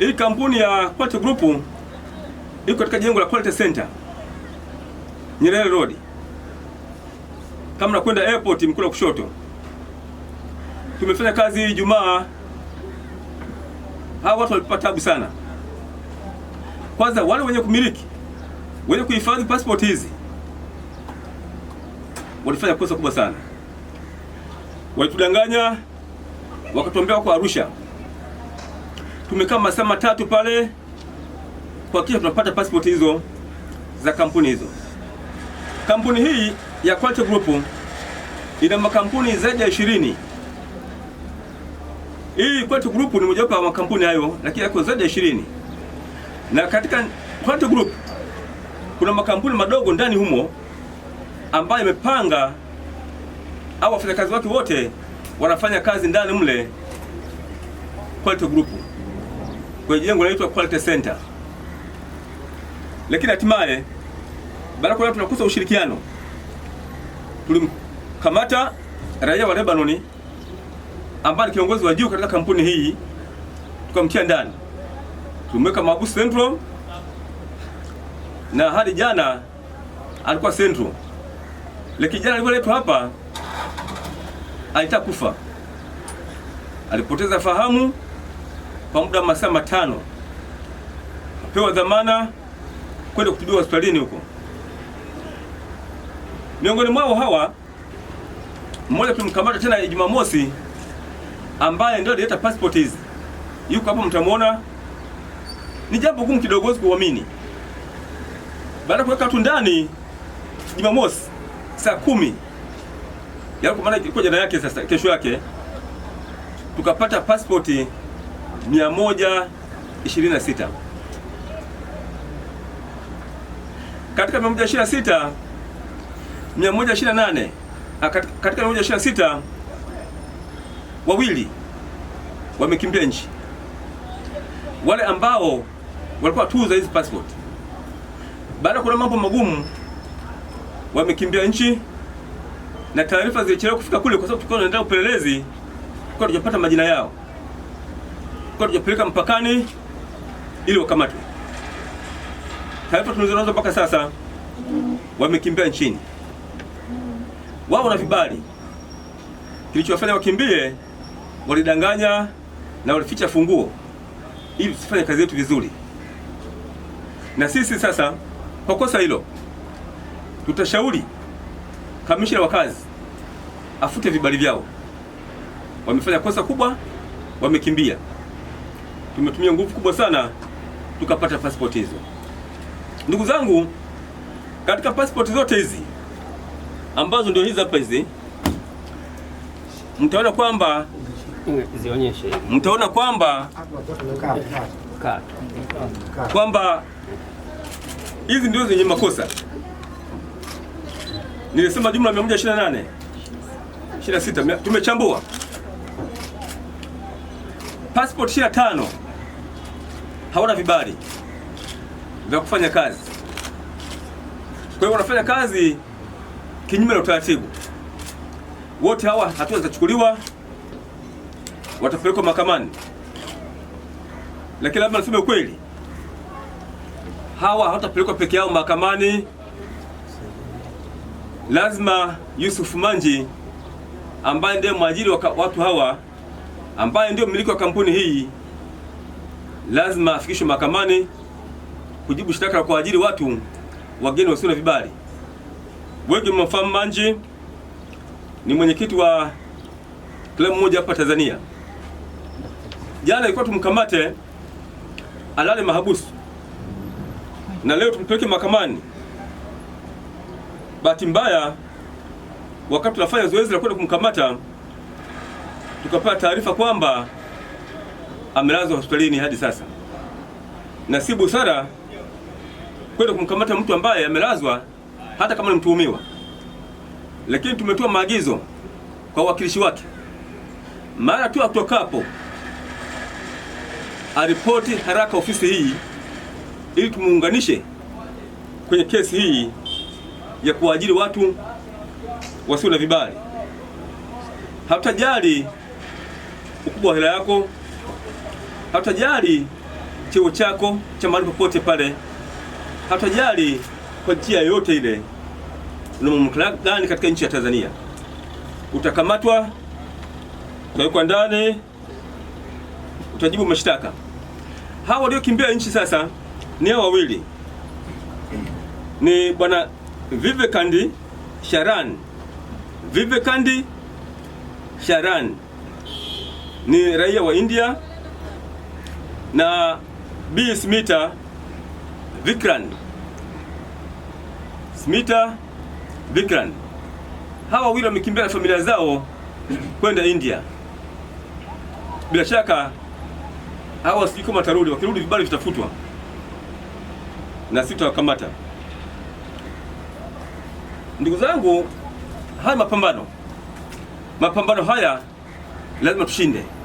Hii kampuni ya Quality Group iko katika jengo la Quality Center Nyerere Road, kama nakwenda airport mkula wa kushoto. Tumefanya kazi Ijumaa, hawa watu walipata tabu sana. Kwanza wale wenye kumiliki, wenye kuhifadhi passport hizi walifanya kosa kubwa sana, walitudanganya wakatuambia kwa Arusha tumekaa masaa matatu pale kwa kisha tunapata passport hizo za kampuni hizo. Kampuni hii ya Quality Group ina makampuni zaidi ya ishirini. Hii Quality Group ni mojawapo ya makampuni hayo, lakini yako zaidi ya ishirini, na katika Quality Group kuna makampuni madogo ndani humo ambayo imepanga au wafanyakazi wake wote wanafanya kazi ndani mle Quality Group kwenye jengo linaloitwa Quality Center. Lakini hatimaye baada kwa tunakusa ushirikiano, tulimkamata raia wa Lebanoni ambaye ni kiongozi wa juu katika kampuni hii, tukamtia ndani, tulimweka mahabusu Central na hadi jana alikuwa Central, lakini jana alivyoletwa hapa alitakufa alipoteza fahamu kwa muda wa masaa matano, pewa dhamana kwenda kutibiwa hospitalini huko. Miongoni mwao hawa mmoja tumkamata tena Jumamosi, ambaye ndio alileta passport hizi, yuko hapo, mtamwona. Ni jambo gumu kidogo, kuamini. Baada ya kuweka watu ndani Jumamosi saa kumi yako yaani maana iko jana yake, sasa kesho yake tukapata pasipoti 126. Katika 126 128 ah, katika 126 wawili wamekimbia nchi, wale ambao walikuwa tuza hizi passport, baada ya kuna mambo magumu, wamekimbia nchi na taarifa zilichelewa kufika kule, kwa sababu tulikuwa tunaendelea upelelezi, kwa tujapata majina yao tulikuwa tujapeleka mpakani ili wakamatwe. Taarifa tunazonazo mpaka sasa, wamekimbia nchini. Wao wana vibali, kilichowafanya wakimbie, walidanganya na walificha funguo ili tusifanye kazi yetu vizuri. Na sisi sasa, kwa kosa hilo, tutashauri kamishna wa kazi afute vibali vyao. Wamefanya kosa kubwa, wamekimbia tumetumia nguvu kubwa sana tukapata passport hizo. Ndugu zangu, katika passport zote hizi ambazo ndio hizi hapa hizi, mtaona kwamba mtaona kwamba kwamba hizi ndio zenye makosa. Nilisema jumla 128 26, tumechambua passport 25 hawana vibali vya kufanya kazi, kwa hiyo wanafanya kazi kinyume na utaratibu. Wote hawa hatua zitachukuliwa, watapelekwa mahakamani. Lakini labda niseme ukweli, hawa hawatapelekwa peke yao mahakamani. Lazima Yusuf Manji ambaye ndiye mwajiri wa watu hawa, ambaye ndio mmiliki wa kampuni hii lazima afikishwe mahakamani kujibu shtaka la kuajiri watu wageni wasio na vibali. Wengi mnafahamu Manji ni mwenyekiti wa klabu moja hapa Tanzania. Jana ilikuwa tumkamate alale mahabusu na leo tumpeleke mahakamani. Bahati mbaya, wakati tunafanya zoezi la kwenda kumkamata tukapata taarifa kwamba amelazwa hospitalini hadi sasa, na si busara kwenda kumkamata mtu ambaye amelazwa hata kama ni mtuhumiwa. Lakini tumetoa maagizo kwa uwakilishi wake, mara tu atokapo aripoti haraka ofisi hii ili tumuunganishe kwenye kesi hii ya kuajiri watu wasio na vibali. Hatutajali ukubwa wa hela yako Hatajali cheo chako cha mahali popote pale, hatajali kwa njia yoyote ile unamwamkla gani katika nchi ya Tanzania, utakamatwa, utawekwa ndani, utajibu mashtaka. Hawa waliokimbia nchi sasa ni hao wawili, ni bwana Vivekandi Sharan, Vivekandi Sharan ni raia wa India na B. Smita Vikran, Smita Vikran. Hawa wawili wamekimbia na familia zao kwenda India. Bila shaka hawa sijui kama watarudi, wakirudi vibali vitafutwa na sisi tutawakamata. Ndugu zangu, haya mapambano, mapambano haya lazima tushinde.